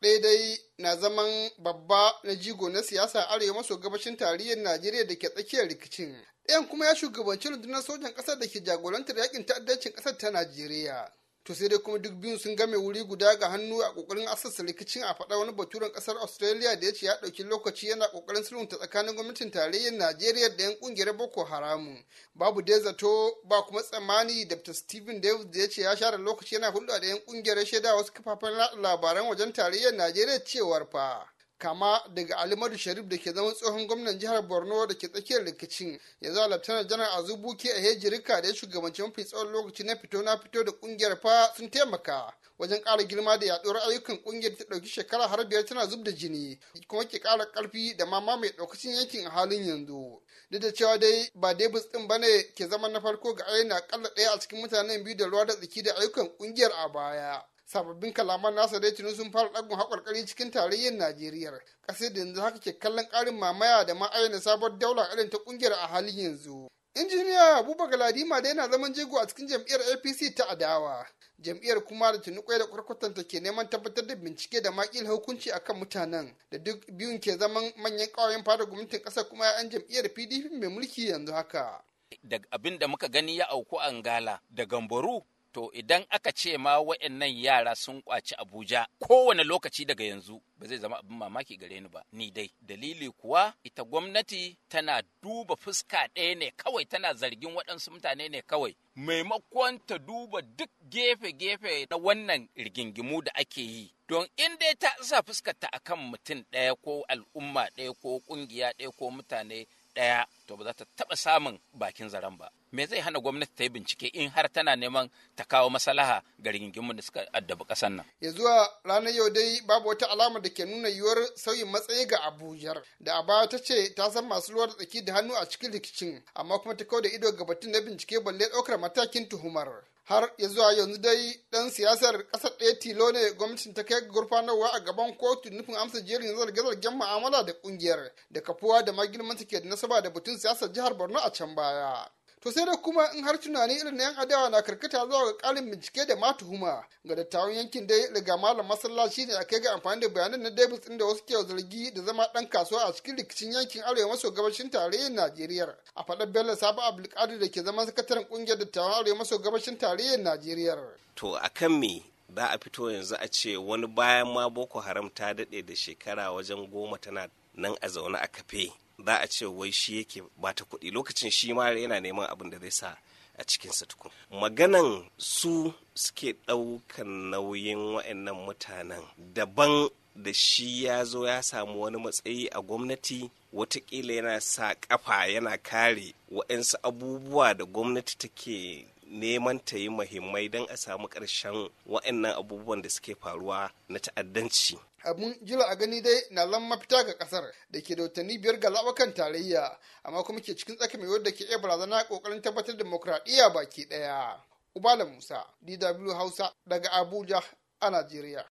Daidai dai na zaman babba na jigo na siyasa arewa maso gabashin tarihin najeriya da ke tsakiyar rikicin ɗayan kuma ya shugabanci rundunar sojan ƙasar da ke jagorantar yakin ta'addancin ƙasar ta najeriya to sai dai kuma duk biyun sun game wuri guda ga hannu a kokarin asassa rikicin a faɗa wani baturen kasar australia da ya ce ya ɗauki lokaci yana kokarin sulhunta tsakanin gwamnatin tarayyar najeriya da 'yan kungiyar boko haram babu dai zato ba kuma tsammani dr steven davis da ya ce ya share lokaci yana hulɗa da 'yan kungiyar shaida wasu kafafen labaran wajen tarayyar najeriya cewar fa kama daga alimadu sharif da ke zama tsohon gwamnan jihar borno da ke tsakiyar rikicin ya za laftanar janar azubu ke a hejirika da ya shugabanci mafi tsawon lokaci na fito na fito da kungiyar fa sun taimaka wajen kara girma da yaɗuwar ayyukan kungiyar ta ɗauki shekara har biyar tana zub da jini kuma ke kara ƙarfi da mama mai ɗaukacin yankin a halin yanzu duk da cewa dai ba debus ɗin ba ne ke zama na farko ga na akalla ɗaya a cikin mutanen biyu da ruwa da tsaki da ayyukan kungiyar a baya sababbin kalaman nasa dai tuni sun fara ɗagun haƙarƙari cikin tarayyar najeriya ƙasar da yanzu haka ke kallon ƙarin mamaya da ma'ayyana sabuwar daula irin ta ƙungiyar a halin yanzu injiniya abubakar ladima dai yana zaman jego a cikin jam'iyyar apc ta adawa jam'iyyar kuma da tuni da kwarkwatanta ke neman tabbatar da bincike da makil hukunci akan mutanen da duk biyun ke zaman manyan ƙawayen fada gwamnatin ƙasar kuma 'ya'yan jam'iyyar pdp mai mulki yanzu haka Daga abin da muka gani ya auku angala da gambaru To idan aka ce ma wa'annan yara sun kwaci Abuja kowane lokaci daga yanzu ba zai zama abin mamaki gare ni ba ni dai dalili kuwa ita gwamnati tana duba fuska ɗaya ne kawai tana zargin waɗansu mutane ne kawai maimakon ta duba duk gefe-gefe na wannan rigingimu da ake yi don in dai ta sa ta akan mutum ɗaya ko al'umma ɗaya ko ƙungiya ɗaya ko mutane ɗaya to ba za ta taɓa samun bakin zaren ba me zai hana gwamnati ta yi bincike in har tana neman ta kawo maslaha ga rigingimu da suka addabi ƙasar nan. Ya zuwa ranar yau dai babu wata alama da ke nuna yiwuwar sauyin matsayi ga Abuja da a baya ta ce ta san masu ruwa tsaki da hannu a cikin rikicin amma kuma ta kawo da ido ga batun na bincike balle ɗaukar matakin tuhumar. har ya zuwa yanzu dai dan siyasar kasar ɗaya tilo ne gwamnatin ta kai gurfanarwa a gaban kotu nufin amsa jerin zarge-zargen mu'amala da kungiyar da kafuwa da magilman ke da nasaba da batun siyasar jihar borno a can baya to sai da kuma in har tunani irin na yan adawa na karkata zuwa ga karin bincike da ma tuhuma ga dattawan yankin dai daga malam masallaci ne kai ga amfani da bayanan na Davis inda wasu ke zargi da zama dan kasuwa a cikin rikicin yankin arewa maso gabashin tarayyar Najeriya a faɗar Bello Sabo Abdulkadir da ke zama sakataren kungiyar dattawan arewa maso gabashin tarayyar Najeriya to akan me za a fito yanzu a ce wani bayan ma Boko Haram ta daɗe da shekara wajen goma tana nan a zaune a kafe za a ce wai shi yake bata kuɗi lokacin shi ma yana neman abin da zai sa a cikinsa tuku. maganan su suke ɗaukan nauyin wa'annan mutanen daban da shi ya zo ya samu wani matsayi a gwamnati watakila yana sa kafa yana kare waɗansu abubuwa da gwamnati take neman ta yi mahimmai don a samu ƙarshen wa'annan abubuwan da suke faruwa na ta'addanci. abun jira a gani dai na lan mafita ga kasar da ke da watanni biyar ga labakan tarayya amma kuma ke cikin tsaka mai wadda ke iya barazana kokarin tabbatar demokradiyya baki daya ubala musa dw hausa daga abuja a najeriya